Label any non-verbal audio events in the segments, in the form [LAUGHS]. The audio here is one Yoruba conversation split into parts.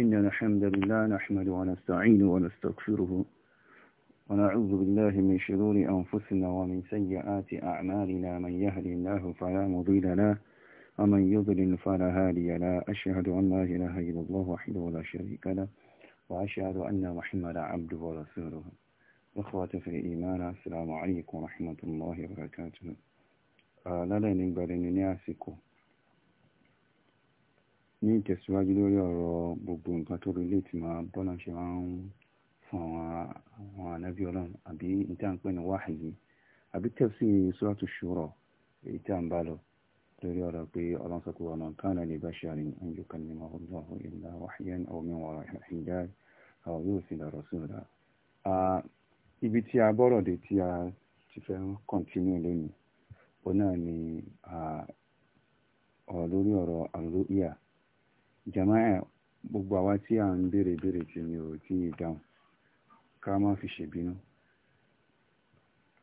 إن الحمد لله نحمد ونستعين ونستغفره ونعوذ بالله من شرور أنفسنا ومن سيئات أعمالنا من يهدي الله فلا مضل له ومن يضلل فلا هادي له أشهد أن لا إله إلا الله وحده لا شريك له وأشهد أن محمدا عبده ورسوله إخوة في الإيمان السلام عليكم ورحمة الله وبركاته آه، لا لا نقبل نياسكم ní ìtẹ̀síwájú lórí ọ̀rọ̀ gbogbo nǹkan tó relé tí máa bọ́lá ṣe máa ń fún àwọn ànábì ọlọ́run àbí níta ń pè ní àbí tẹ̀sí shura èyí tí a ń bá lọ lórí ọ̀rọ̀ pé ọlọ́run sọ pé ọ̀nà kana li basharin an yukallimahu Allahu illa wahyan aw min wara'i ibi tí a bọ́rọ̀ dé tí a ti fẹ́ kọ́ntínú lónìí ni ọ̀rọ̀ lórí ọ̀rọ̀ jama'a gbogbo àwa tí à ń béèrè béèrè tí mi ò tí ì dáhùn ká má fi ṣèbínú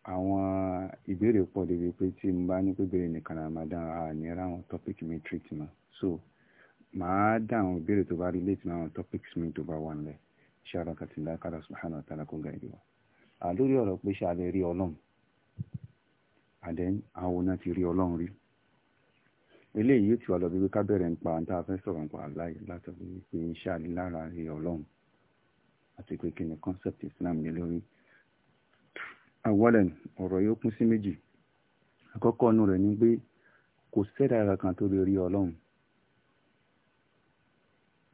àwọn ìbéèrè pọ̀ débi pé tí n bá ní pé béèrè nìkan ramadan a ní ráwọn topic mi treat so màá dá àwọn ìbéèrè tó bá relate mọ́ àwọn topics mi tó bá wà nílẹ̀ ṣé ara kàtí ńlá kára subhanahu wa ta'ala kó ga ìdíwọ́ àlórí ọ̀rọ̀ pé ṣe a rí ọlọ́run and àwọn náà ti rí ọlọ́run rí eléyìí yóò ti wà lọ́bí pé ká bẹ̀rẹ̀ nípa ohun tá a fẹ́ sọ̀rọ̀ nípa aláì látọ̀bí pé iṣẹ́ àdílára rí ọlọ́run àti pé kí ni concept Islam ní lórí. àwọlẹ̀n ọ̀rọ̀ yóò pín sí méjì àkọ́kọ́ inú rẹ̀ ni pé kò sẹ́dá ara kan tó lè rí ọlọ́run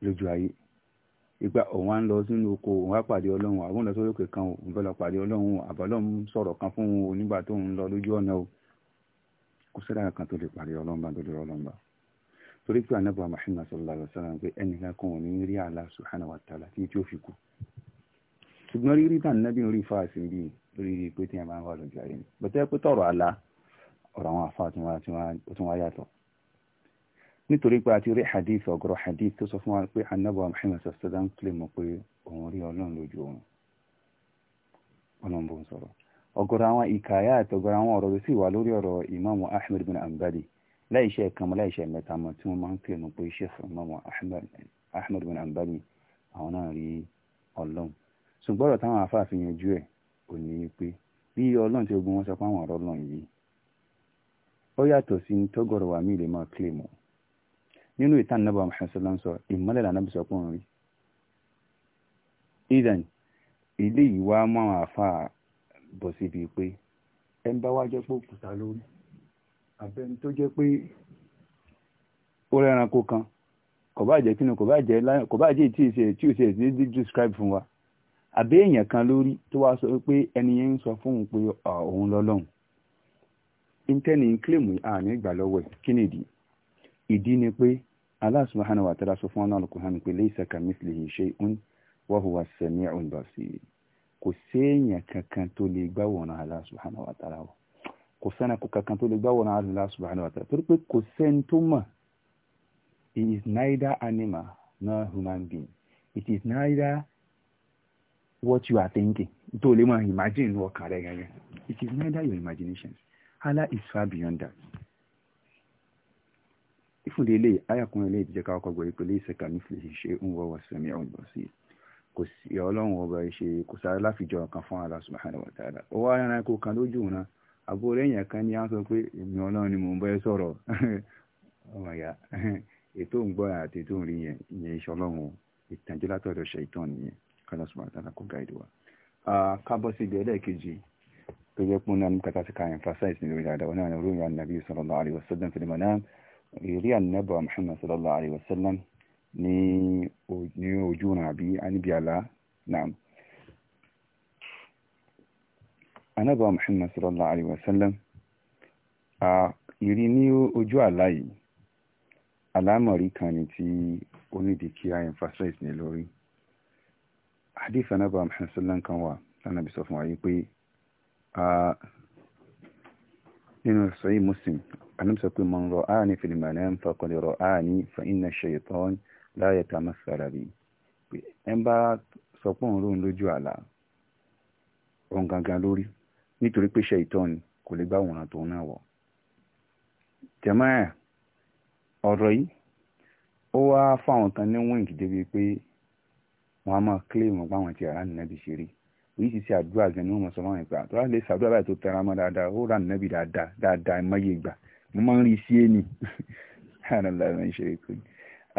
lójú ayé ìgbà òun á ń lọ sínú oko òun á pàdé ọlọ́run àwọn ìlọsọ́lọ́kẹ̀ kan òun fẹ́ lọ pàdé ọlọ́run àbálọ́run sọ̀rọ̀ kan fún òun nígbà tó ń lọ lójú ọ̀nà o síra kan tó lè parí ọlọ́mbà tó lè rọlọ́mbà torí pé anábọ̀ Muhammad sallallahu alaihi wasallam pé ẹni lákùn òní rí Allah subhanahu wa ta'ala tí tí ó fi kú ṣùgbọ́n rírí tàn nábì orí fáàsì ń bí lórí rí pé tí a máa ń wà lójú ayé ni bọ́tẹ́ pé tọ̀rọ̀ àlá ọ̀rọ̀ àwọn afá tún wá yàtọ̀ nítorí pé a ti rí hadith ọ̀gọ̀rọ̀ hadith tó sọ fún wa pé anábọ̀ Muhammad sallallahu alaihi wasallam pé òun rí ọlọ́run lójú òun ọlọ́run bó ń sọ̀rọ̀ ọ̀gọ̀rọ̀ àwọn ìkàyà àti ọ̀gọ̀rọ̀ àwọn ọ̀rọ̀ sì wà lórí ọ̀rọ̀ ìmáàmù ahmed bin ambali láìṣẹ́ kan mọ́ láìṣẹ́ mẹ́ta mọ́ tí wọ́n máa ń pè mọ́ pé sheikh ìmáàmù ahmed bin ambali àwọn náà rí ọlọ́run ṣùgbọ́n ọ̀rọ̀ táwọn afáàfin yanjú ẹ̀ ò ní í pé bí ọlọ́run tí ogun wọn sọ pé àwọn ọ̀rọ̀ ọlọ́run yìí ó yàtọ̀ sí tọ́gọ̀rọ̀ wà mí lè máa kílè mọ́ nínú ìtàn náà bá Muhammad sallam sọ ìmọ́lẹ̀ lànà bí sọ pé òun rí ìdàn ilé ìwà máa fà á bọ̀ síbi pé ẹ ń bá wá jẹ́ pé òkúta lórí tó jẹ́ pé ó kan kò bá jẹ́ kínú kò bá jẹ́ kò bá jẹ́ tí ìṣe tí describe fún wa àbẹ́ èèyàn kan lórí tó wá sọ pé ẹni yẹn ń sọ fún òun pé òun intanet ń kílèmù ìgbà lọ́wọ́ ẹ̀ kí ni ìdí ìdí ni pé wa ta'ala sọ fún ọ́nà pé as kò séèyàn kankan tó lè gbàwòrán Allah subhanahu wa ta'ala wọ̀ kò sẹ́nà kò kankan tó lè gbàwòrán Allah subhanahu torí pé kò sẹ́ni tó mọ̀ it is neither animal nor human being it is neither what you are thinking tó lè máa imagine ọkàn rẹ̀ gẹ́gẹ́ it is neither your imagination Allah is far beyond that ìfúndé ilé ayàkùnrin ilé ìdíjẹ́ káwọ́kọ́ gbọ́ ìpele ìsẹ̀kà nífẹ̀ẹ́ ṣe ń wọ́wọ́ sẹ́mi ọ̀gbọ̀n sí i kò sí ọlọ́run ọba ìṣe kò sáré láfijọ́ kan fún Allah subhanahu wa ta'ala ó wá rán ẹ̀kọ́ kan lójú náà àbúrò èèyàn kan ní à ń sọ pé èmi ọlọ́run ni mò ń bẹ́ sọ̀rọ̀ ọmọ ìyá ètò ń gbọ́ àti ètò ń rí yẹn ìyẹn iṣẹ́ ọlọ́run ìtànjẹ látọ̀dọ̀ ṣe ìtàn nìyẹn kọ́lá subhanahu wa ta'ala kó gáìdì wa. kábọ̀ sí sí Muhammad sallallahu alaihi wasallam ní ojú ọ̀nà àbí níbi àlá náà. anábà muhammad sallallahu alaihi wasallam a ìrí ní ojú àlá yìí alámọ̀rí kan ni tí ó nídi kí a emphasize ní lórí hadith anábà muhammad sallallahu kan wà lánàbí sọ fún wa yìí pé nínú sọ́yí muslim anábì sọ pé man ra'ani fil manam faqad ra'ani fa inna shaytan láyé tá a máa sára rí pé ẹ ń bá sọ pé òun róun lójú àlá òun gangan lórí nítorí pé ṣe ìtọ́ ni kò lè gbá òun àtòun náà wọ̀ jẹ̀mọ́ ẹ̀ ọ̀rọ̀ yìí ó wá fáwọn kan ní wíńkì débi pé wọ́n á máa kílèmù ọgbà àwọn ti àrà nìyẹn bí ṣe rí oríṣi sí àdúrà gan ni wọ́n mọ̀ sọ fáwọn ìpè àtọ́lá lè ṣàdúrà báyìí tó tẹra mọ́ dáadáa ó rà nìyẹn bí dáadáa dáadáa ẹ̀ mọ́yé ìgbà mo máa ń rí sí ẹni [LAUGHS]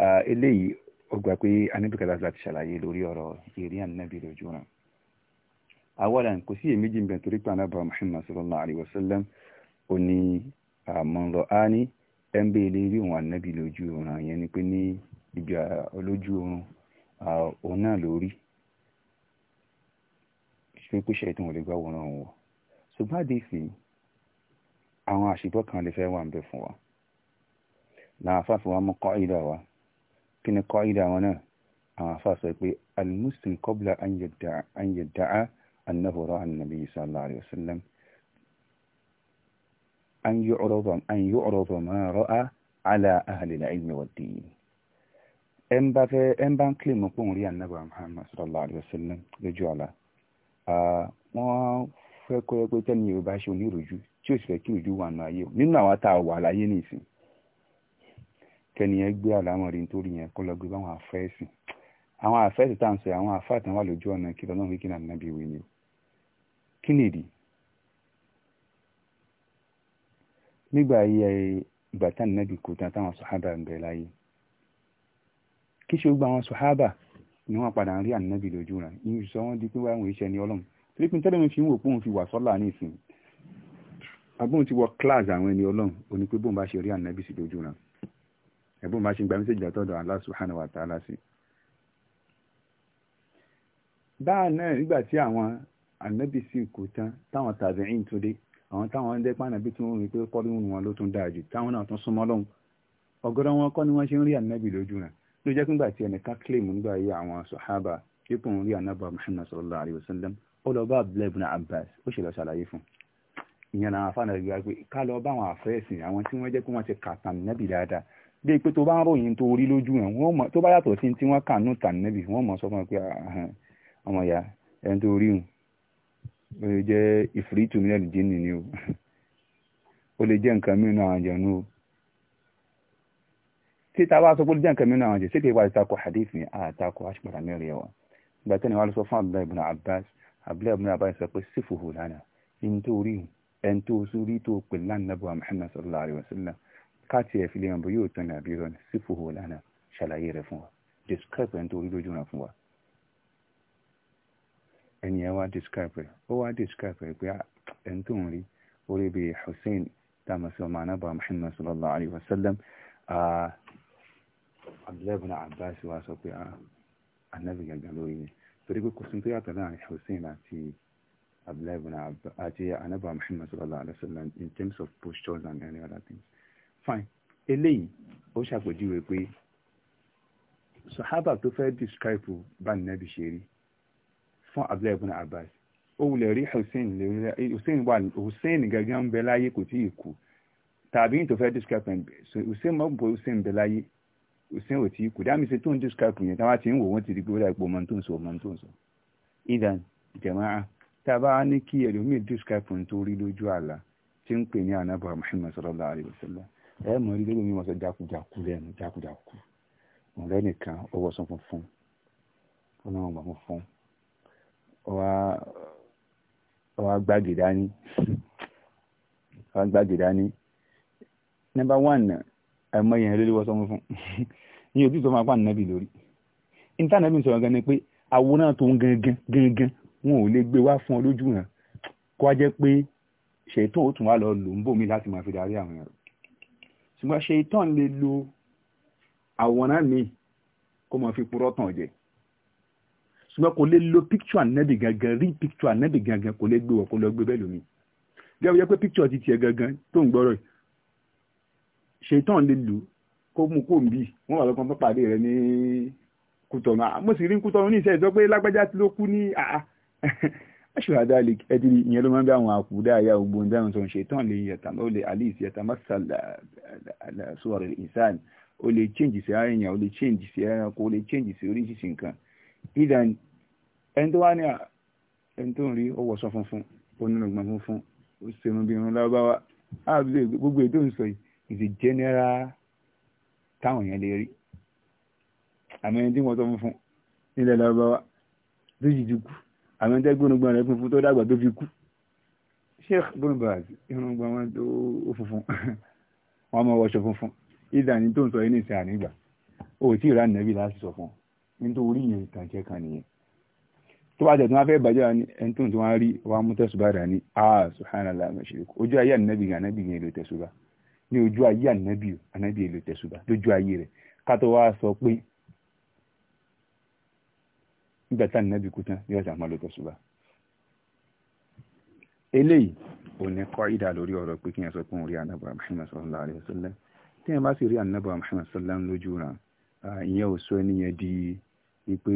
eléyìí ó gbà pé anábìkàlá láti ṣàlàyé lórí ọ̀rọ̀ ìrí ànábì lójú ràn awalan kò sí èméjì ń bẹ torí pé anábà muhammad sallallahu alayhi wa sallam ó ní àmọ́nlọ á ní ẹ̀ńbẹ́ ilé rí òun ànábì lójú ràn yẹn ni pé ní ìgbà olójú oorun òun náà lórí ṣe kó ṣe ìtàn olùgbà wòran wọ ṣùgbọ́n àdéhìí àwọn àṣìbọ́ kan lè fẹ́ wà ń bẹ fún wa làáfàá fi wá mú kọ́ ìlà wa kí ni kọ́ ìdá wọn náà àwọn afá sọ pé almuslim qabla an yadda'a annahu ra'a annabi sallallahu alaihi wasallam an yu'rada an yu'rada ma ra'a ala ahli al-ilmi wad-din ẹn bá fẹ́ ẹn bá ń kílè mọ́ pòun rí annabi muhammad sallallahu alaihi wasallam lójú àlá wọ́n fẹ́ kọ́ ẹgbẹ́ tẹ́ni yorùbá ṣe oníròjú tí ó sì fẹ́ kí òjú wà nínú ayé nínú àwọn tá a wà láyé nìsín kẹ́niyẹn gbé àlámọ̀rí nítorí yẹn kó lọ gbé báwọn àfẹ́sìn àwọn àfẹ́sìn tá à ń sọ àwọn àfáàtàn wà lójú ọ̀nà kí lọ́nà kí nàbí ìwé ni o kí nìdí nígbà ayé ìgbà tá nàbí kò tán táwọn sọ̀hábà ń bẹ láyé kí ṣe gbogbo àwọn sọ̀hábà ni wọ́n padà ń rí ànábì lójú rẹ̀ ìyẹn sọ wọ́n di pé wọ́n ìṣẹ́ ni ọlọ́run torí pé tẹ́lẹ̀ mi fi ń wò póun fi wà sọ́là ní ìsìn agbóhun ti wọ kíláàsì àwọn ẹni ọlọ́run oní pé bóun bá ṣe rí ànábì sí lójú ẹ̀bùn máa ṣe ń gba mẹ́sẹ̀jì látọ̀dọ̀ Allah subhanahu wa ta'ala sí. báà náà nígbà tí àwọn ànábì sì kú tán táwọn tàbíìn tó dé àwọn táwọn ẹ̀dẹ́ pàànàbí tó ń rí pé kọ́dún wọn ló tún dáa jù táwọn náà tún súnmọ́ lọ́hùn ọ̀gọ̀rọ̀ wọn kọ́ ni wọ́n ṣe ń rí ànábì lójú rẹ̀ ló jẹ́ pé ńgbà tí ẹnìkan claim nígbà yí àwọn sọ̀hábà ipò ń rí ànábà Muhammad sallallahu alayhi wa ìyẹn àwọn afáànà rí pé ká lọ bá àwọn àfẹ́ẹ̀sìn àwọn tí wọ́n jẹ́ pé wọ́n ti kàtàn nábì dáadáa bí pé tó bá ń ròyìn tó rí lójú yẹn wọ́n mọ̀ tó bá yàtọ̀ sí tí wọ́n kà nù tàn níbi wọ́n mọ̀ sọ fún pé ọmọ ìyá ẹni tó rí hùn ó lè jẹ́ ìfìrìtù mílíọ̀nù jíìnì ni o [LAUGHS] ó lè jẹ́ nǹkan mìíràn àwọn àjẹnú o tí ta bá sọ pé ó lè jẹ́ nǹkan mìíràn àwọn àjẹ sí pé wàá takò hadith ni àtakò aṣípàdà mẹ́rin ẹ̀wọ̀n ìgbà tẹ́ni wàá lọ sọ fún Abdullahi كاتي في اليوم بيوتنا بيون سفوه لنا شلايير فوا ديسكريب انتو ريلو جونا فوا ان يوا ديسكريب هو ديسكريب بيا انتو ري وري بي حسين تام سلمان ابا محمد صلى الله عليه وسلم عبد الله بن عباس واسوبيا النبي قالوا لي فريق كوسنتيا تاع حسين تي عبد الله بن عباس اجي انا ابا محمد صلى الله عليه وسلم in terms of postures and any other things. fine eléyìí ó ṣàpèjúwe pé sahaba tó fẹ́ describe bá nẹ́bí ṣe rí fún abdullahi ibn abbas ó wulẹ̀ rí hussein hussein wà hussein gangan ń bẹ láyé kò tí ì kú tàbí tó fẹ́ describe ẹ̀ hussein mọ́ bọ̀ hussein bẹ láyé hussein ò tí ì kú dáàmì sí tó ń describe yẹn táwa ti ń wò wọ́n ti di pé ó dà ipò mọ́tò ń sọ mọ́tò ń sọ idan jama'a tá ní kí ẹlòmíì describe tó rí lójú àlá tí ń pè ní anábọ̀ muhammad sallallahu alayhi wa sallam ẹ mọ̀ rí lórí mi wọ́n sọ jákujàku lẹ́nu jákujàku wọn lẹ́nìkan ó wọ́ sọ funfun ó náà wọ́n funfun ó wá gbàgé dání ó wá gbàgé dání one ẹ mọ yẹn [LAUGHS] lórí wọ́n sọ funfun yìí ojú tó máa pa nàbì lórí intanẹ́ẹ̀tì sọ̀rọ̀ gan ni pé àwòrán tó ń gangan gangan wọn ò lè gbé wá fún ọ lójú hàn kó wá jẹ́ pé ṣètò òtún wa lọ lò ń bò mí láti máa fi darí àwọn èèyàn ṣùgbọ́n ṣe ìtàn lè lo àwòrán mi kó mọ̀ fi purọ́ tàn jẹ ṣùgbọ́n kò lè lo picture ànẹ́bì gangan rí picture ànẹ́bì gangan kò lè gbé wọ̀ kó lọ gbé bẹ́ẹ̀ lómi gẹ́gẹ́ jẹ́ pé picture ti tiẹ̀ gangan tó ń gbọ́rọ̀ ṣe ìtàn lè lò kó mú kó ń bì wọ́n wà lọ́kàn tó pàdé rẹ̀ ní Kútọ̀nù mo sì rí Kútọ̀nù ní ìṣẹ́ ìsọ pé lágbájá ti ló kú ní àá aṣọ́hadá lè ẹdí ìyẹn ló máa ń bá àwọn àkúdá àyà ogbó ń dáhùn tó ń ṣe tán lè yẹtàn ó lè alice yẹtàn masala sọ̀rọ̀ ìsáàn ó lè change sí àyàn ó lè change sí ẹranko ó lè change sí oríṣiríṣi nǹkan idan ẹni tó wá ní ẹni tó ń rí ó wọṣọ funfun ó nínú gbọn funfun ó ṣerun bí irun lábáwá àbúlé gbogbo ètò ìsọ yìí is a general táwọn yẹn lè rí àmọ́ ẹni tí wọ́n sọ funfun nílẹ̀ lábáwá lójijì kù àwọn ẹni tẹ́gbónúgbọ́n rẹ̀ funfun tó dàgbà tó fi kú sheikh bonobaz irungbọn wọn tó funfun wọn mọ wọṣọ funfun ìdá ni tó ń sọ yìí nìsín ànígbà ó tí ìrà nẹ́bí láti sọ fún nítorí yẹn ìtànjẹ kan nìyẹn tó bá jẹ wọn fẹ́ bàjẹ́ ni ẹni tó ń tí wọn rí wọn mú tẹ̀sùbá rẹ̀ ní ah subhanallah mashirik ojú ayé ànábì gan ànábì yẹn ló tẹ̀sùbá ní ojú ayé ànábì ànábì yẹn ló tẹ̀sùbá lójú ayé rẹ̀ ká tó wá sọ pé nígbà tá nínú ẹbìkú tán yóò sàmọ́ ló tẹ̀sùbà eléyìí ò ní kọ́ ìdá lórí ọ̀rọ̀ pé kí n sọ pé òun rí anábọ̀ Muhammad sallallahu alaihi wasallam tí n bá sì rí anábọ̀ Muhammad sallallahu lójú ra ìyẹn ò sọ ẹniyẹn di wípé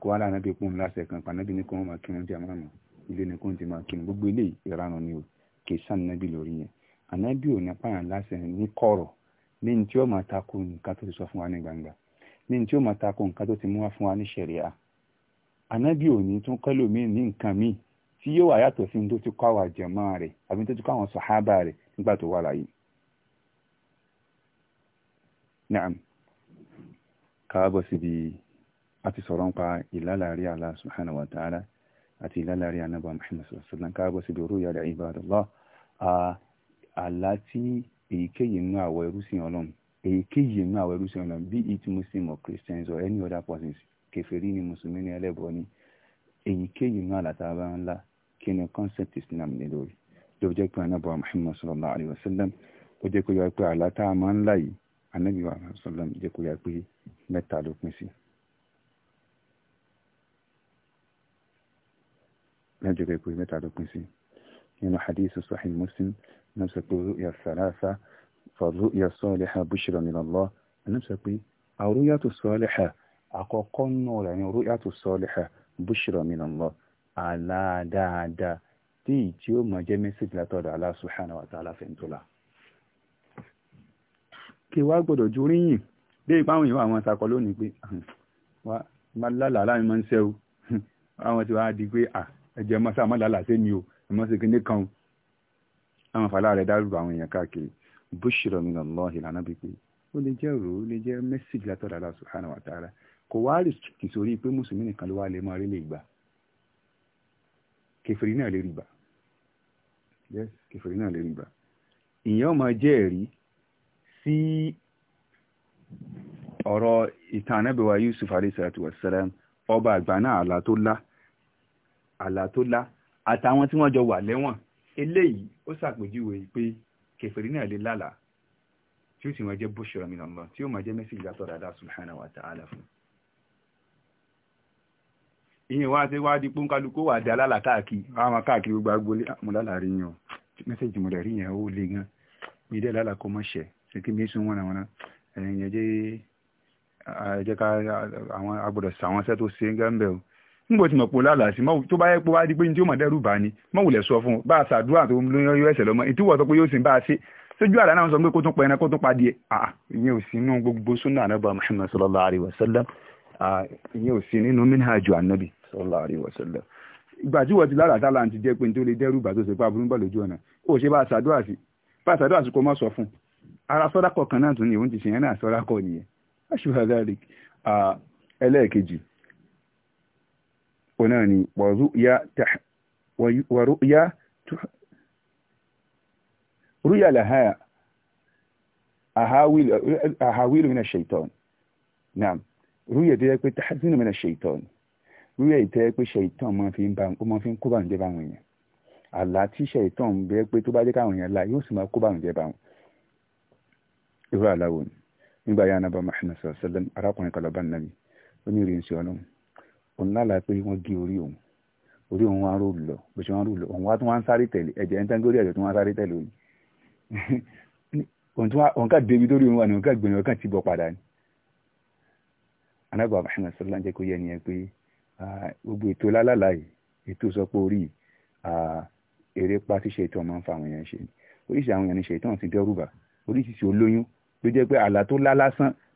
kó wá láàánú bí pòun láṣẹ kan pànábì ní kó wọn máa kírun jàmá mọ ilé ní kó n ti máa kírun gbogbo eléyìí ìranù ni o kì í sànnábì lórí yẹn anábì ò ní pààyàn láṣẹ ní kọ̀rọ̀ ní ní tí máa takò nǹkan tó ti sọ fún wa ní gbangba ní tí ó máa tako nǹkan tó ti mú wá fún wa ní ṣẹ̀ríà ànábì òní tún kọ́lò mí ní nǹkan míì tí yóò wá yàtọ̀ sí tó ti kọ́ àwọn àjẹmọ́ rẹ̀ àbí tó ti kọ́ àwọn sàhábà rẹ̀ nígbà tó wà láyé. Naam káàbọ̀ síbi a ti sọ̀rọ̀ nípa ìlàlárí Allah subhanahu wa ta'ala àti ìlàlárí anábà Muhammad sallallahu alaihi wasallam káàbọ̀ síbi orú ìyá rẹ̀ ibadallah àlá tí èyíkéyìí nínú àwọ̀ ẹrú sí ọlọ́run èyíkéyìí nínú àwọn ẹrúsìn ọ̀nà be it muslim or christians or any other persons kèfèrí ni mùsùlùmí ni ẹlẹ́bọ ni èyíkéyìí nínú àlàtàbà ńlá kí ni concept islam ní lórí ló jẹ́ pé anábọ̀ muhammad sallallahu alayhi wa sallam ó jẹ́ kó yọ pé àlàtàmà ńlá yìí anábì wa sallam jẹ́ kó yọ pé mẹ́ta ló pín sí. lẹ́jọ́ pé mẹ́ta ló pín sí nínú hadith sahih muslim náà sọ pé yà sàlásà fàrúyà sọ́ọ̀lẹ́hà búṣìrà min Allah ẹni sọ pé àrúyà tó sọ́ọ̀lẹ́hà àkọ́kọ́ nù rẹ̀ ní àrúyà tó sọ́ọ̀lẹ́hà búṣìrà min Allah aláàdáadáa tí ì tí ó máa jẹ́ mẹ́sìtì látọ̀dọ̀ Allah subhanahu wa ta'ala fẹ́ntọ́lá. kí wàá gbọ́dọ̀ ju ríyìn dé ipa àwọn èèyàn àwọn àtakọ lónìí pé wá lálàá láàrin máa ń ṣẹ́ o [LAUGHS] àwọn ti wáá di pé ẹ̀jẹ̀ mọ́sá mọ́ lálàá sẹ́mi o ẹ̀mọ́sẹ̀kẹ́ni kan àwọn àfàlà rẹ̀ dárúbọ àwọn èèyàn káàkiri bushra min Allah ìlànà bíi o le lè ro rò ó lè jẹ́ mẹ́sìgì látọ̀dọ̀ Allah subhanahu wa ta'ala wa wá rìsíkì sórí pe mùsùlùmí nìkan ló wá lè le rí lè gbà kẹfìrí náà lè rí yes kẹfìrí náà lè rí gbà ìyẹn ó máa jẹ́ ẹ̀rí sí wa Yusuf alayhi salatu wa salam ọba àgbà ala to la lá àlá tó lá àtàwọn tí wọ́n jọ wà lẹ́wọ̀n eléyìí ó kèfèrí náà lè lálàá tí ó sì máa jẹ́ bushra min Allah tí ó máa jẹ́ mẹ́sìlì látọ̀dọ̀ Allah subhanahu wa ta'ala fún ìyẹn wá sí wá di pọ́nkálukó wà dá lálàá káàkiri àwọn ọmọ káàkiri gbogbo agbolé ah, mo lálàá rí yẹn o mẹ́sẹ̀jì mo lè rí yẹn ó le gan mi dẹ́ lálàá kó mọ́ ṣe kí mi sún wọn àwọn ẹ̀yìn ẹ̀jẹ̀ ká àwọn agbọ́dọ̀ sàwọn sẹ́ tó ṣe ń o ngbò tí mọ̀ pò lálàá sí tó bá yẹ pé wá di pé ní tí ó mọ̀ dẹ́rù bá ní mọ̀wùlẹ̀ sọ fún un bá a ṣàdúrà tó ń lóyún ẹsẹ̀ lọ́mọ ìtúwọ̀ sọ pé yóò sì ń bá a ṣe sójú àlá náà sọ pé kó tún pa ẹran kó tún pa díẹ̀ ah, ìyẹn ò sí inú gbogbo súnà anábà Muhammad sallallahu alayhi wa sallam ah, ìyẹn ò sí nínú minhaju anabi sallallahu alayhi wa sallam ìgbà tí wọ́n ti lára tá láǹtí jẹ́ pé ní tó lè dẹ́rù bá ah, ẹlẹ́ẹ̀kejì òun náà ni wàrúyà rúyà làháyà àháwìlù mìíràn ṣètọ́n náà rúyà tó yẹ pé tàhásínú mìíràn ṣètọ́n rúyà ìtẹ́ pé ما máa fi ń kó bàǹjẹ́ báwọn èèyàn àlá tí ṣètọ́n bẹ́ẹ̀ pé tó bá jẹ́ káwọn èèyàn la yóò sì máa kó bàǹjẹ́ báwọn irú àláwò nígbà yà nàbà Muhammad sallallahu alaihi wasallam arákùnrin kalaba nàbì onírìnsì ọlọ́run òun lálàá pé wọ́n gé orí òun orí òun wá rò lọ bó ṣe wá rò lọ òun wá tún wá ń sáré tẹ̀lé ẹ̀jẹ̀ ń tán górí ẹ̀jẹ̀ tún wá ń sáré tẹ̀lé òun òun ká débi lórí òun wà ní òun ká gbẹ̀rẹ̀ òun ká ti bọ̀ padà ni. anábàá Muhammad sallallahu jẹ́ kó yẹ nìyẹn pé gbogbo ètò lálàlá yìí ètò sọpọ̀ orí eré pa ṣíṣe ìtàn máa ń fa àwọn èèyàn ṣe oríṣi àwọn èèyàn ní ṣe ìtàn ti dẹ́rùbà oríṣiríṣi olóyún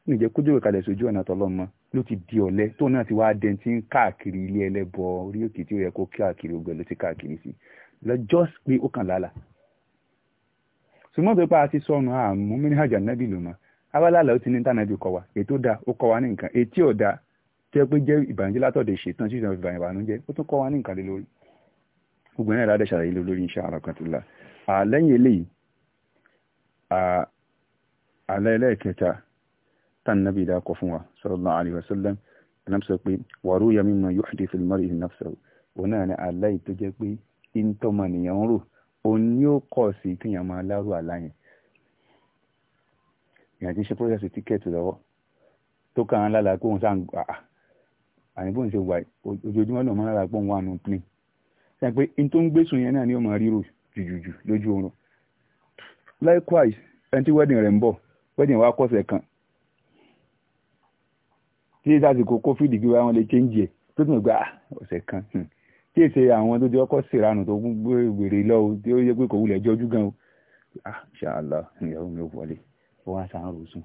ní ìjẹ́ kójú ìkàlẹ̀ sójú ọ̀nà tọlọ́mọ ló ti di ọ̀lẹ tó náà ti wá dẹni tí ń káàkiri ilé ẹlẹ́bọ orí òkè tí ó yẹ kó káàkiri ogun ló ti káàkiri sí lọ́jọ́ pé ó kàn lálà ṣùgbọ́n pé pa àti sọnù àmú mínìhàjà nábì ló mọ abálàlà ó ti ní tànàbí kọ wa ètò dáa ó kọ wa ní nǹkan etí ọ̀dà tí ó pé jẹ́ ìbànújẹ́ látọ̀dẹ̀ ṣetán tí ìjọba tánàbí dákọ̀ fún wa sallallahu alayhi wa sallam ẹnàmì sọ pé wàrú ya mimma yuhdithu al-mar'i nafsahu òun náà ni aláì tó jẹ́ pé ìntọ́mọ nìyẹn ń rò òun ni ó kọ̀ sí kéèyàn máa lárú àlá yẹn ìyàn tí ń ṣe pọ́sẹ̀sì tíkẹ́ẹ̀tì lọ́wọ́ tó kàn án lálàá pé òun sáà ń gbà á àní bóun ṣe wà ojoojúmọ́ náà máa lálàá pé òun wà nù plane ṣe pé in tó ń gbé sùn yẹn ni ó máa ríro jùjùjù lójú oorun likewise ẹni tí wedding rẹ̀ ń bọ̀ wedding wa kọ̀sẹ̀ kan tí èsì àsìkò covid gbé wọn lè change ẹ̀ tó tún gba ah, ọ̀sẹ̀ kan hmm. tí èsì àwọn tó ti ọkọ̀ sèrànù tó gbé wèrè lọ o tí ó yẹ pé kò wulẹ̀ jọjú gan o ah ṣàlọ ìyàwó mi ò wọlé ó wá sàn án rò sùn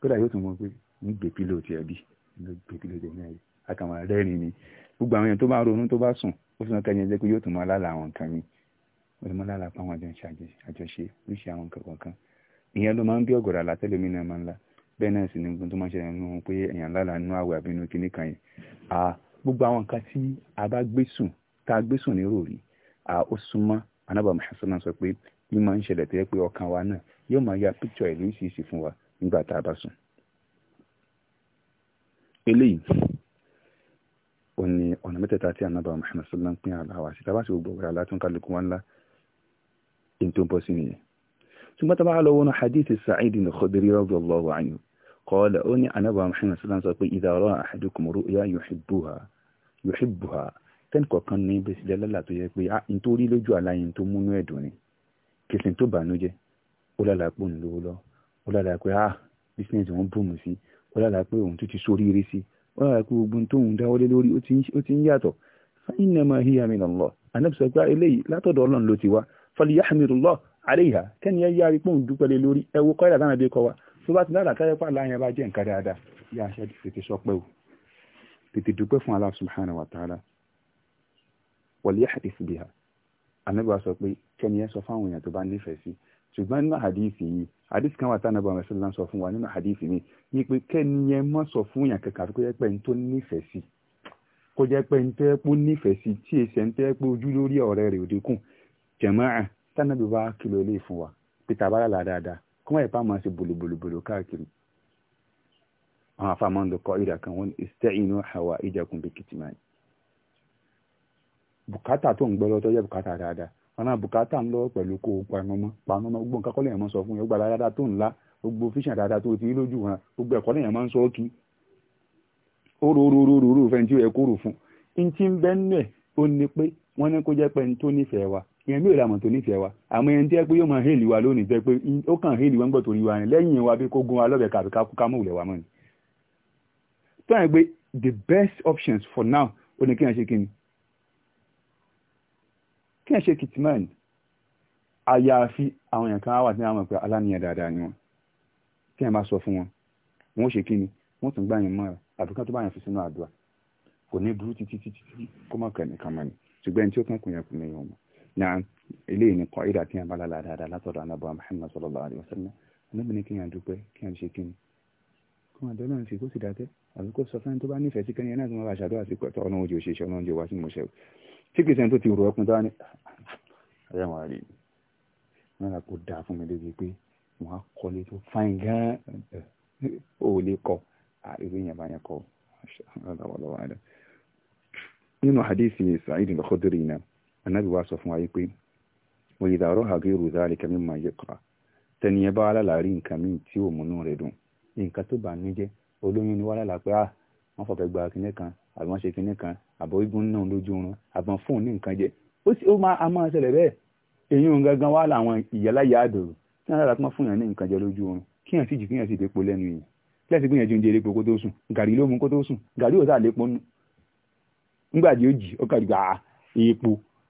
kódà yóò tún mọ pé ń gbé pílò tiẹ̀ bí ń gbé pílò tiẹ̀ náà yìí àkàwọn rẹ́rìn ni gbogbo àwọn èèyàn tó bá ronú tó bá sùn ó fi hàn kẹ́yìn jẹ́ pé yóò tún máa lála àwọn nǹkan mi ó lè máa lála pa àwọn àjọṣe àjọṣe oríṣi àwọn nǹkan kọ̀ọ̀kan ìyẹn ló máa bẹ́ẹ̀ náà sì ni gbogbo tó máa ń ṣẹlẹ̀ nínú pé èèyàn lálàá nínú àwẹ̀ àbí inú kan yìí gbogbo àwọn nǹkan tí a bá gbé sùn tá a gbé sùn ní ròrí ó súnmọ́ anábà mahasana sọ pé bí máa ń ṣẹlẹ̀ tó yẹ pé ọkàn wa náà yóò máa ya píkṣọ ẹ̀ lóríṣiríṣi fún wa nígbà tá a bá sùn. eléyìí ò ní ọ̀nà mẹ́tẹ̀ẹ̀ta tí anábà mahasana ń pín àlá wa sí tá a bá sì gbogbo ọ̀rọ̀ alátúnkálukú wa ńlá èyí tó ń bọ́ kọ́ọ̀lẹ̀ ó ní anábà Muhammad sallam sọ pé idha ra'a ahadukum ru'ya yuhibbuha yuhibbuha tẹ́nì kọ̀ọ̀kan ní bẹ́sí lẹ́lẹ́là tó yẹ pé a nítorí lójú aláyin tó múnú ẹ̀dùn ni kìsìn tó bànújẹ́ ó lálà pé òun lówó lọ ó lálà pé a bísíǹsì wọn bùnmù sí ó lálà pé òun tó ti sóríire sí ó lálà pé ogun tóun dáwọ́lé lórí ó ti ń yàtọ̀ fa innama hiya min Allah anabisa gba eléyìí látọ̀dọ̀ ọlọ́run ló ti wá falyahmidullah alayha kẹ́ni ẹ yára pé òun dúpẹ́ lé lórí ẹ wo kọ́ tó bá ti lára táyẹ pà láyẹn bá jẹ́ nǹkan dáadáa yá aṣẹ́ tètè sọpẹ́ o tètè dúpẹ́ fún Allah subhanahu wa ta'ala wal yahdith biha anábà sọ pé kẹ́ni ẹ sọ fáwọn èèyàn tó bá nífẹ̀ẹ́ sí ṣùgbọ́n nínú àdìsí yìí àdìsí kan wà tánàbà mẹ́sàn án sọ fún wa nínú àdìsí mi ní pé kẹ́ni ẹ mọ́ sọ fún èèyàn kankan àfi kó jẹ́ pé ń nífẹ̀ẹ́ sí tí èsẹ̀ ń ojú lórí ọ̀rẹ́ rẹ̀ òdekùn jẹ̀mọ́ràn tánàbà kìlọ̀ ilé fún wa pété abára là dáadáa kó má yẹ pa máa ṣe bòlòbòlòbòlò káàkiri àwọn afa máa ń lo kọ ìdá kan wọn ista'inu hawa'ijakum bi kitman bùkátà tó ń gbọ́ lọ́tọ́ jẹ́ bùkátà dáadáa bùkátà ń lọ pẹ̀lú kó o panumọ́ panumọ́ gbogbo nǹkan kọ́lẹ̀ yẹn sọ fún yẹn dáadáa tó ńlá gbogbo fíṣàn dáadáa tó ti rí lójú wọn gbogbo ẹ̀kọ́ ń sọ kí ìyẹn mélòó làmọ̀ tó nífẹ̀ẹ́ wa àmọ́ ẹni tí ẹ pé yóò máa hélì wa lónìí fẹ́ pé ó kàn hélì wa gbọ́ torí wa ni lẹ́yìn wa bí kó gun wa lọ́bẹ̀ kàbí ká kú wa mọ́ ni. tó yẹn pé the best options for now ó ní kéèyàn ṣe kí ni kéèyàn ṣe kìtìmọ́ọ̀nì àyàfi àwọn èèyàn kan wà tí wọ́n mọ̀ pé aláníyàn dáadáa ni wọ́n kéèyàn bá sọ fún wọn wọ́n ṣe kí ni wọ́n tún gbá yẹn mọ́ ni ṣùgbọ́n náà eléyìí ni kọ́ ìdá tí a bá lára dáadáa látọ̀dọ̀ anábọ̀ Muhammad sallallahu alaihi wasallam anábì ní kí n àdúpẹ́ kí n ṣe kí ni kí wọn àdọ́lọ́run sì kó sì dákẹ́ àbí kó sọ fẹ́ni tó bá nífẹ̀ẹ́ sí kẹ́ni ẹ̀ náà tí wọ́n bá ṣàdúrà sí pẹ̀tọ́ ọlọ́run ojú òṣìṣẹ́ ọlọ́run jẹ́ wá sí mọ̀ṣẹ́ tí kìí sẹ́ni tó ti rọ ọkùn tó wá ní àyẹ̀wò àrí náà kò dáa fún mi débi pé wọ́n á kọ́lé tó fáin gan ó lè kọ́ àìrí yẹn bá yẹn kọ́ nínú hadisi Sa'id al-Khudri náà anábì wa sọ fún wa yìí pé òye ìdàrọ́ àgẹ́rù dáre kẹ́mi máa yẹ kọ́ tẹni ẹ bá wà lálàárí nǹkan míì tí ò múnú rẹ̀ dùn nǹkan tó bà ní jẹ́ olóyún ni wà lálàá pé ah wọ́n fọ̀fẹ́ gba kinní kan àbí wọ́n ṣe kinní kan àbọ̀ igun náà lójú oorun àbọ̀ fún ní nǹkan jẹ ó sì ó máa a máa ṣẹlẹ̀ bẹ́ẹ̀ èyí òun gangan wà láwọn ìyálàyà àdòrò tí wọ́n lára pọ́n fún yàn ní nǹkan jẹ lójú oorun kíyàn sì jì kíyàn sì dépo lẹ́nu yìí kíyàn sì gbìyànjú oúnjẹ elépo kó tó sùn gàrí ló mu kó tó sùn gàrí ò sáà lépo nígbà tí ó jì ó kàdùgbà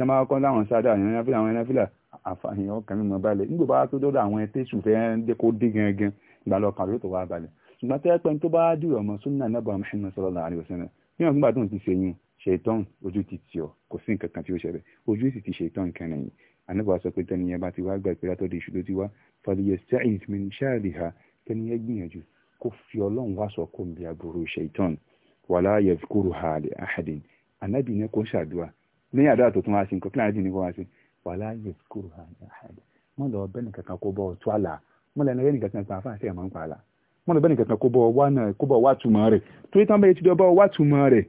tí wọ́n bá kọ́ láwọn ṣáájà àwọn ẹ̀yàn fílà àwọn ẹ̀yàn fílà àfààyàn ọkàn mímọ́ balẹ̀ nígbà bá tó dọ́dọ̀ àwọn ẹtẹ́sù fẹ́ jẹ́ kó dé gangan ìgbà lọ́kàn ló tó wá balẹ̀ ṣùgbọ́n tẹ́ pẹ́ tó bá dìrọ̀ mọ́ súnà nàbà Muhammad sallallahu alaihi wasallam bí wọ́n gbà tó ń ti ṣe yín ṣètọ́n ojú ti tì ọ́ kò sí nǹkan kan tí ó ṣẹlẹ̀ ojú sì ti ṣètọ́n nǹkan nìyí anábọ̀ sọ pé tẹniyẹ bá ti wá gbà pé látọ̀dọ̀ èṣù ló ti wá fàlìyẹ sẹ́yìn mi ṣáàlì ha tẹniyẹ gbìyànjú kó fi ọlọ́run wá sọ kó ń bí aburú ṣètọ́n wàlá yẹ kúrò ha àlẹ́ anábì ní kó ṣàdúrà lẹ́yìn àdúrà tó tún wá sí nǹkan kíláà jì ní kó wá sí wàhálà yẹ kúrò àyàhàdà mọ́ lọ bẹ́ẹ̀ni kankan kó bọ́ ọ̀tún àlà mọ́ lọ bẹ́ẹ̀ni kankan pa àfáà sí ẹ̀ máa ń pa àlà mọ́ lọ bẹ́ẹ̀ni kankan kó bọ́ wá náà kó bọ́ wá túmọ̀ rẹ̀ torí tán bẹ́ẹ̀ ti dọ́ bọ́ wá túmọ̀ rẹ̀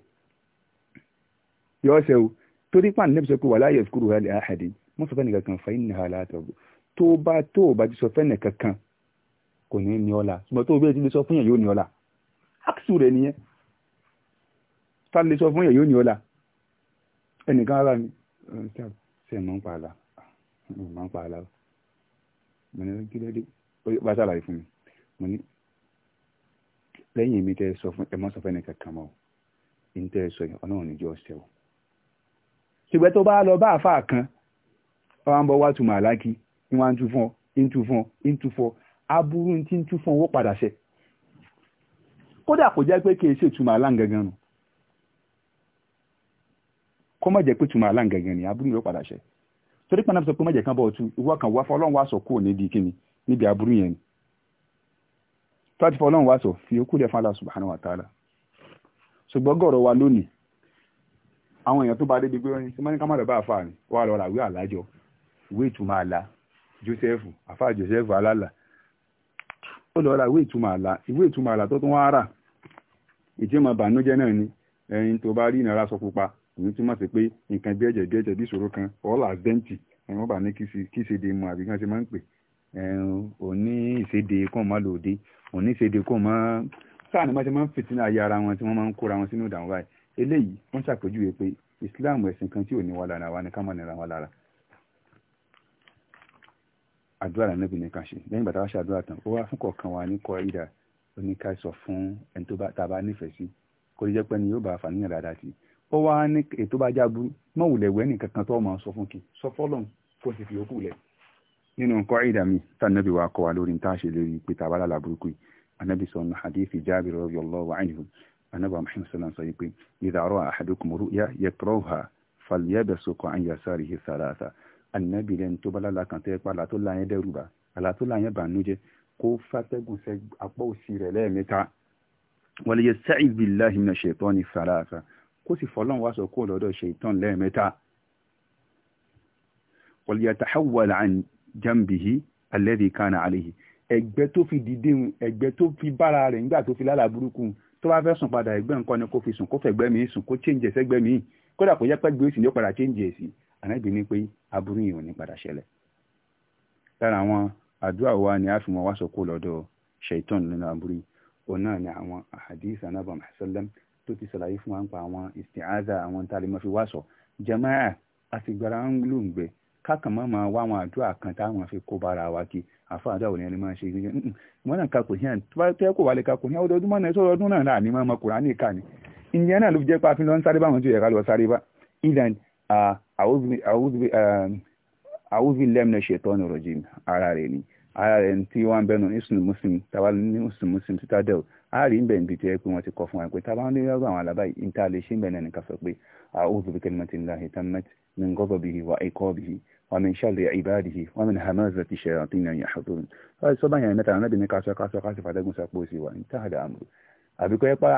yọ ọ́ sẹ́wọ́ torí pàǹdé sọ pé wàhálà yẹ kúrò àyàhàdà mọ́ sọ bẹ́ẹ̀ni kankan fàyín ní àlà àtọ̀gbọ̀ tó bá tó bá ti sọ fẹ́ẹ̀nì kankan kò ní ní ọ̀la ṣùgbọ́n tó bẹ́ẹ̀ ti sọ fún yẹn yóò ní ọ̀la ẹnìkan ara ni ṣe mọ̀ ń pa àlà mọ̀ ń pa àlà mo ní kí lóde bá ṣàlàyé fún mi mo ní lẹ́yìn mi tẹ́ sọ fún ẹ̀mọ́ sọ fún ẹnìkan kan mọ́ ní tẹ́ sọ yẹn ọlọ́run níjọ́ ṣẹ́ o ṣùgbẹ́ tó bá lọ bá àfáà kan ọ̀rọ̀ à ń bọ̀ wá tùmọ̀ àlákì ní wọ́n á ń tú fún ọ ń tú fún ọ ń tú fún ọ aburú ti ń tú fún ọ wó padà ṣẹ kódà kò jẹ́ pé kì í ṣètumọ̀ aláǹgangan kó má jẹ́ pé tùmọ̀ aláǹgẹ̀gẹ̀ ni aburú yóò padà ṣẹ torí pé náà sọ pé má jẹ́ kán bọ̀ ọtú ìwọ kan wá fọlọ́run wá sọ kúrò níbi kíni níbi aburú yẹn ni tó àti fọlọ́run wá sọ fi okú lẹ̀ fún Allah wa ta'ala ṣùgbọ́n gọ̀rọ̀ wa lónìí àwọn èèyàn tó bá débi pé wọ́n ti máa ní ká má lọ àfa ni wà lọ ìwé àlájọ ìwé ìtumọ̀ àlá Joseph àfa Joseph alálà ó lọ ra ìwé ìtumọ̀ àlá ìwé ìtumọ̀ àlá tó tún wá rà ìjẹ́mọ̀ èyí túmọ̀ sí pé nǹkan bí ẹ̀jẹ̀ bí ẹ̀jẹ̀ bí ìṣòro kan all as denti ẹ̀wọ̀n bá ní kí ìṣèdè mu àbí kí wọ́n se máa ń pè òní ìṣèdè kàn má lòdì òní ìṣèdè kàn má sáà ni wọ́n ṣe máa ń fìtínà ayé ara wọn tí wọ́n máa ń kóra wọn sínú ìdààmú báyìí eléyìí wọ́n ṣàpèjúwe pé Islam ẹ̀sìn kan tí ò ní wa lára wa ni ká má nira wa lára àdúrà rẹ̀ níbi nìkan ṣe lẹ́yìn bàtà wá ṣe àdúrà tán ó wá fún kọ̀ọ̀kan wa ó wá ní ètò bá jábú mọ́ wùlẹ̀ wẹ́ nìkan kan tó máa sọ fún kí sọ fọ́lọ́n kó sì fi yókù lẹ̀. nínú nǹkan ìdá mi tànàbí wa kọ́ wa lórí tá a ṣe lórí pé tàbá lálà burúkú yìí anábì sọ nù hadithi Jabir radiyallahu anhu anábì Muhammad sallam sọ pé idha ra'a ahadukum ru'ya yakrahuha falyabsuq an yasarihi thalatha anábì lẹ́nu tó bá lálà kan tẹ́ pa látó láyẹn dẹ́rù bá àlàtó láyẹn bànújẹ́ kó fàtẹ́gùn sẹ́ apá òsì rẹ̀ lẹ́ẹ̀mẹ́ta wal yasta'idh billahi minash shaitani thalatha kó sì fọlọ́run wá sọ kúrò lọ́dọ̀ ṣèitán lẹ́ẹ̀mẹ́ta wọ̀lìyàtàhàwàlà àn jambihi alẹ́dì kan àlehi ẹgbẹ́ tó fi dìde ẹgbẹ́ tó fi bára rẹ̀ nígbà tó fi lálàá burúkú tó bá fẹ́ sùn padà ẹgbẹ́ nǹkan ni kó fi sùn kó fẹ̀gbẹ́ mi sùn kó change ẹsẹ́gbẹ́ mi kódà kó yẹpẹ́ gbé òsì ní padà change ẹ̀sìn ànábì ní pé aburú yìí ò ní padà ṣẹlẹ̀ lára àwọn àdúrà wa ni a fi mọ wá sọ kó lọ́dọ̀ ṣèitán nínú aburú òun náà ni àwọn àhàdí sànàbà màṣálẹ́m tó ti ṣàlàyé fún wa ń pa àwọn ìsìnàza àwọn tá a lè mọ fi wá sọ jẹmọ́ra àtìgbára ń lò ń gbẹ kákan máa máa wá àwọn àdúrà kan táwọn fi kó bára wa kí àfáàdá òní ẹni máa ṣe ní wọn náà kakò yẹn tẹ́ kò wà lè kakò yẹn ọdọọdún mọ́nà ẹ̀sọ́ ọdún náà ní máa mọ Kùránì ìka ni ìyẹn náà ló fi jẹ́ pé àfihàn ń sáré báwọn tó yẹ ká lọ sáré bá idan àwùjọ lẹ́mìnà ṣètọ́ ní rọ̀jìn ara rẹ̀ ni ara rẹ̀ tí wọ́n ń bẹnu islam muslim tàbá ní islam muslim citadel àárí ń bẹ̀ níbi tí ẹ pé wọ́n ti kọ́ fún wa pé tàbá ń lérò àwọn àlàbá yìí níta lè ṣe ń bẹ̀ náà nìkan sọ pé a'udhu bi kalimatillahi tammati min ghadabihi wa iqabihi wa min sharri ibadihi wa min hamazati shayatina yahdurun. wọ́n sọ báyìí mẹ́ta náà bìnrin kásọ kásọ kásọ fàdégùn sọ pé ó sì wà ní táàdà àmúrò. àbíkọ́ ẹ pa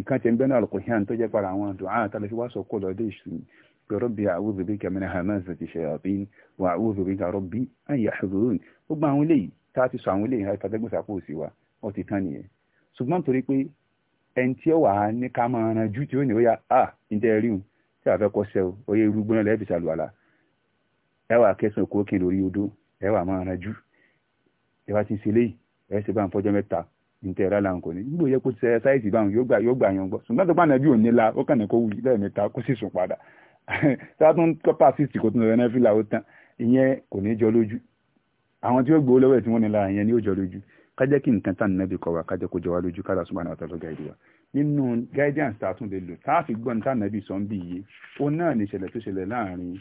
ìkan tẹ̀ ń bẹ́nu al-Qur'an tó jẹ́ para àwọn dùn بربي أعوذ بك من همازة الشياطين وأعوذ بك ربي أن يحضرون gbogbo àwọn eléyìí tá a ti sọ àwọn eléyìí àtàtẹ́gùn sàpò òsì wa ó ti tán nìyẹn ṣùgbọ́n torí pé ẹni tí ó wà á ní ká máa ran jù tí ó ní ó yá à ń tẹ́ rí un tí a fẹ́ kọ́ sẹ́ o oyè irú gbóná lẹ́ẹ̀bì sàlùwàlà ẹ wà kẹsàn-án kó kí n lórí odó ẹ wà máa ran jù ẹ wá ti ṣe léyìí ẹ ṣe bá ń fọjọ́ mẹ́ta ń tẹ́ rárá nǹkan ní gbogbo yẹ kó ti ṣe sáìsì báwọn yóò gbà yóò gbà yan gbọ́ ṣùgbọ́n tó bá [LAUGHS] àwọn tí ó gbowó lọ́wọ́ ẹ̀ tí wọ́n ní lára yẹn ni ó jọ lójú kájẹ́ kí nǹkan tá nàbì kọ́ wa kájẹ́ kó jọ wá lójú kálá subhanahu wa ta'ala gáìdì wa nínú guidance tá a tún lè lò tá a fi gbọ́n tá nàbì sọ ń bì yé ó náà ní ìṣẹ̀lẹ̀ tó ṣẹlẹ̀ láàrin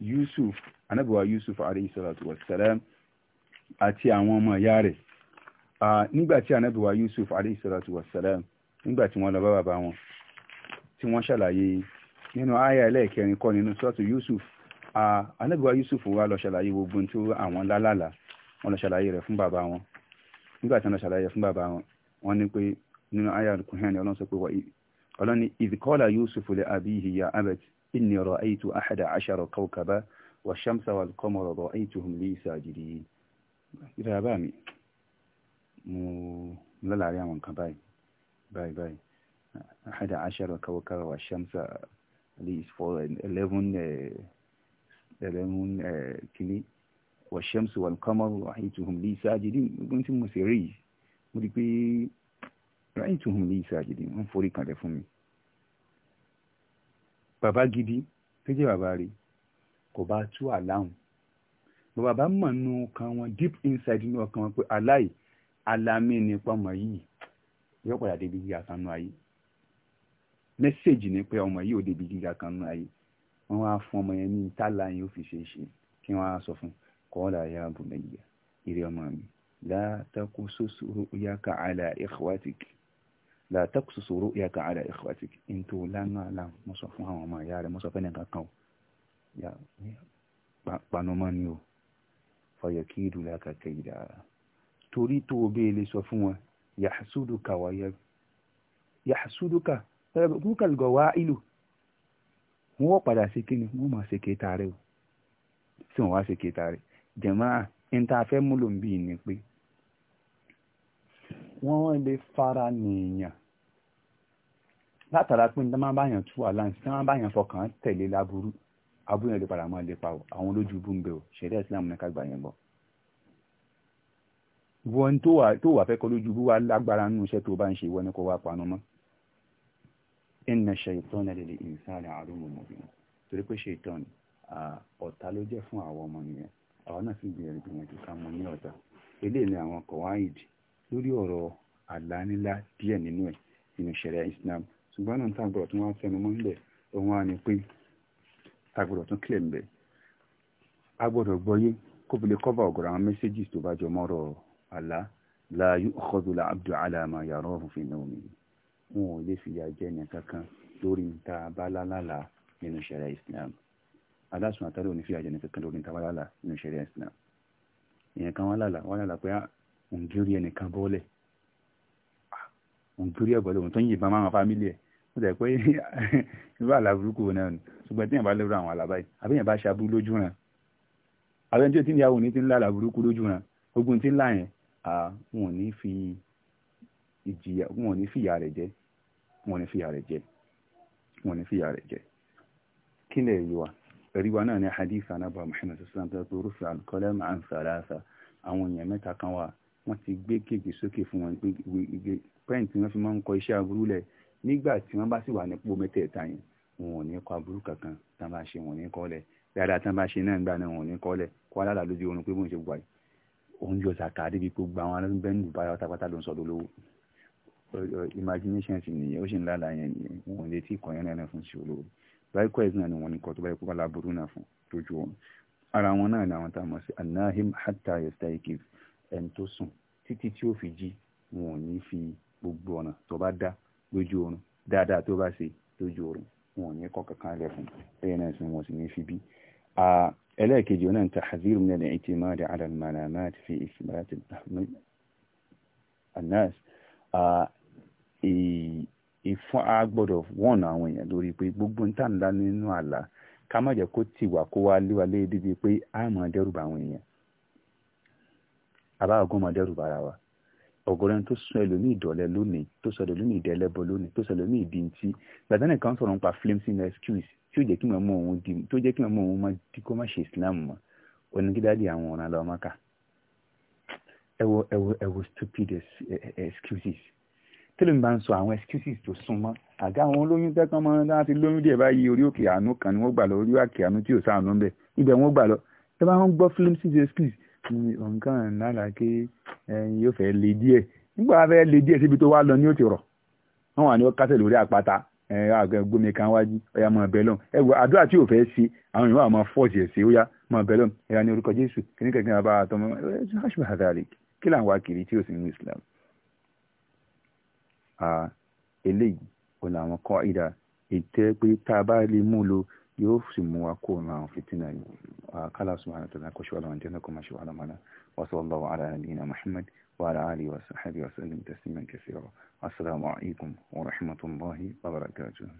Yusuf anábìwá Yusuf alayhi salatu wa salam àti àwọn ọmọ ìyá rẹ̀ nígbà tí anábìwá Yusuf alayhi salatu wa salam nígbà tí wọ́n lọ bá bàbá wọn tí wọ́n ṣàlàyé nínú àyà ẹlẹ́ẹ̀kẹrin kọ́ nínú sọ́ọ̀tù Yusuf anábìwá Yusuf wa lọ ṣàlàyé gbogbo tí àwọn lálàlà wọn lọ ṣàlàyé rẹ̀ fún bàbá wọn nígbà tí wọn lọ ṣàlàyé fún bàbá wọn wọn ní pé nínú ayé alukuhẹ́ni ọlọ́run sọ pé ọlọ́run ní ìdíkọ́lá Yusuf lè àbí ìhìyà abet inni ra'aytu ahada ashara kawkaba wa shamsa wal qamara ra'aytuhum li sajidin ìrẹ̀ àbá mi mo eleven eh, ẹ̀rẹ̀ mú kínní wàṣẹ́mùsù wal qamaru ra'aytuhum li sajidin gbogbo tí mo sì rí yìí mo rí i pé ra'aytuhum li sajidin wọ́n forí kalẹ̀ fún mi. bàbá gidi tó bàbá rí kò bá tú àláhùn bàbá mọ̀ nù kan wọn deep inside inú ọkàn wọn pé aláì alámì nípa ọmọ yìí yóò padà débi gíga kan nù ayé mẹ́sẹ̀jì ni pé ọmọ yìí ò débi gíga kan nù ayé wọ́n á fún ọmọ yẹn ní ìtàlá yẹn ó fi ṣe é ṣe kí wọ́n á sọ fún kọ́ọ̀lá ya bunayya ìrẹ ọmọ mi la taqsus ru'yaka ala ikhwatik la taqsus ru'yaka ala ikhwatik ntò lánàá là mọ́ sọ fún àwọn ọmọ ìyá rẹ̀ mọ́ sọ fẹ́ni kankan torí tó o bẹ́ẹ̀ lè sọ fún wọn yahsuduka wáyé yahsuduka rúkàlgọ̀wá ìlú wọ́n padà ṣe kí ni wọ́n máa ṣe kéta rẹ o tí wọ́n wá ṣe kéta rẹ jẹ̀mọ́ níta fẹ́ múlò ń bí ni pé wọ́n lè fara nìyàn látara pé níta máa báyàn tú àláǹsì tí wọ́n báyàn fọkàn tẹ̀lé láburú abúlé yẹn lè padà máa lè pa o àwọn olójú bú ń bẹ o ṣẹ̀ríà Islam ní ká yẹn bọ̀ wọ́n tó wà fẹ́ kọ́ lójú bú wa lágbára nínú iṣẹ́ tó bá ń ṣe ìwọ ni kò wá panu mọ́ inna shaytana lil insani aduwwun mubin torí pé shaytan ọ̀tá ló jẹ́ fún àwọn ọmọ nìyẹn àwọn náà sì gbìyànjú gbìyànjú ká mọ ní ọ̀tá eléyìí ni àwọn kọ̀wáìd lórí ọ̀rọ̀ àlá nílá díẹ̀ nínú ẹ̀ nínú ìṣẹ̀lẹ̀ Islam ṣùgbọ́n náà tàgbọ̀rọ̀ tí wọ́n fẹnu mọ́ nílẹ̀ òun á ní pé tàgbọ̀rọ̀ tún kílẹ̀ níbẹ̀ a gbọ́dọ̀ gbọ́yé kó fi lè kọ́ba ọ̀gọ̀rọ̀ àwọn mẹ́sẹ́gì tó bá jọ mọ́rọ̀ àlá la yu'khadhu al-'abdu 'ala ma yarahu fi nawmihi wọn ò lè ya jẹ nìkankan lórí níta abálálàlà nínú ṣẹ̀ríà Islam aláṣùn àtàrí ò ní fìyà jẹ nìkankan lórí níta abálálà nínú ṣẹ̀ríà Islam ìyẹn kan wọn lálà wọn lálà pé òǹgírí ẹnìkan ah, bọ́ọ̀lẹ̀ òǹgírí ẹ̀bọ̀lẹ̀ òun tó ń ah, yìnbọn máa fámílì ẹ̀ ó dẹ̀ pé [LAUGHS] irú àlá náà ni ṣùgbọ́n tí yẹn bá lérò àwọn àlá báyìí àbí yẹn bá ṣe aburú lójú ràn àbẹ́ tí ó ti ń yàwó ní ti ń ìjìyà wọn ò ní fìyà rẹ̀ jẹ́ wọn ní fìyà rẹ̀ jẹ wọn ní fìyà rẹ̀ jẹ kílẹ̀ yíwa ẹ̀ríwa náà ní hadith anábà muhammad sallam tó tó rúfin alkọlẹ́mù àn sàlásà àwọn èèyàn mẹ́ta kan wà wọ́n ti gbé kéèkì sókè fún wọn pé pẹ́ǹtì wọn fi máa ń kọ iṣẹ́ aburú lẹ̀ nígbà tí wọ́n bá sì wà nípò mẹ́tẹ̀ẹ̀ta yẹn wọn ò ní kọ aburú kankan tán bá ṣe wọn ò ní kọ́ lẹ̀ dáadáa tán bá ṣe náà gbà náà wọn ò ní kọ́ lẹ̀ kó alára lójú oorun pé bóun ṣe gbà yìí òun yọ zaka débi gbogbo àwọn alábẹ́ńdù báyọ̀ tápátá ló ń sọ lólówó imagination sì nìyẹn ó sì ń lálàá yẹn nìyẹn wọn ò lè tí kọ̀yán náà fún sí olóore likewise náà ni wọn ní kọ́ tó bá yẹ kó bá láburú náà fún lójú wọn ara wọn náà ni àwọn tá a mọ̀ sí anahim hatta yastaikif ẹni tó sùn títí tí ó fi jí wọn ò ní fi gbogbo ọ̀nà tó bá dá lójú oorun dáadáa tó bá ṣe lójú oorun wọn ò ní kọ́ kankan lẹ́kùn lẹ́yìn náà sùn wọn sì ní fi bí. ẹlẹ́ẹ̀kejì náà tahziru min al-i'timadi ala al-malamat fi ithbat al ìfún a gbọ́dọ̀ wọ́n àwọn èèyàn lórí pé gbogbo níta ńlá nínú àlá ká má jẹ́ kó tì wa lé pé a máa dẹ́rùbà àwọn èèyàn àbá ọgọ́ máa dẹ́rùbà ara wa ọ̀gọ̀rẹ́ tó sọ elu ìdọ̀lẹ́ lónìí tó sọ ẹlòmíì ìdẹ́lẹ́bọ lónìí tó sọ ẹlòmíì ìdíntí gbàdánì kan sọ̀rọ̀ nípa flimsing excuse tí ó jẹ́ kí mọ̀mọ́ òun di tó jẹ́ kí mọ̀mọ́ má di kó má ṣe Islam mọ́ onígídádì àwọn lọ́mọ́ka stupid e-, e-, excuses tí lóun bá ń sọ àwọn excuses tó súnmọ́ àga àwọn olóyún tẹ́kàn mọ́ náà ti lóyún díẹ̀ báyìí orí òkè àánú kan ni wọ́n gbà lọ orí òkè àánú tí ò sáànú ń bẹ̀ ibẹ̀ wọ́n gbà lọ ẹ bá wọn gbọ́ film six excuse nǹkan lára pé yóò fẹ́ le díẹ̀ nígbà wàá fẹ́ le díẹ̀ síbi tó wá lọ ni ó ti rọ̀ wọ́n wà ní kásẹ̀ lórí àpáta gbomi kan wájú ọ̀yà máa bẹ̀ lọ́n ẹ wọ àdúrà tí ò fẹ́ ṣe àwọn èèyàn àmọ́ fọ́ọ̀sì ẹ̀ sí ó yá máa bẹ̀ lọ́n ẹ̀yà ní orúkọ Jésù kìnnìkan kìnnìkan bá a tọ́ mọ́ ẹ̀ ṣe àṣùbà àgàrí kí làwọn wá kiri tí ò sí ní Islam eléyìí ọ̀nà àwọn kan ìdá ìtẹ́ pé tá a bá lè mú lo yóò sì mú wa kó ọ̀nà àwọn fìtínà yìí kálá subhanahu wa ta'ala kó ṣe wà láwọn jẹ́nà kó má ṣe wà lámàlá wa sallallahu ala nabiyyina muhammad wa ala alihi wa sahbihi wa sallam tasliman kathira assalamu alaikum wa rahmatullahi wa barakatuh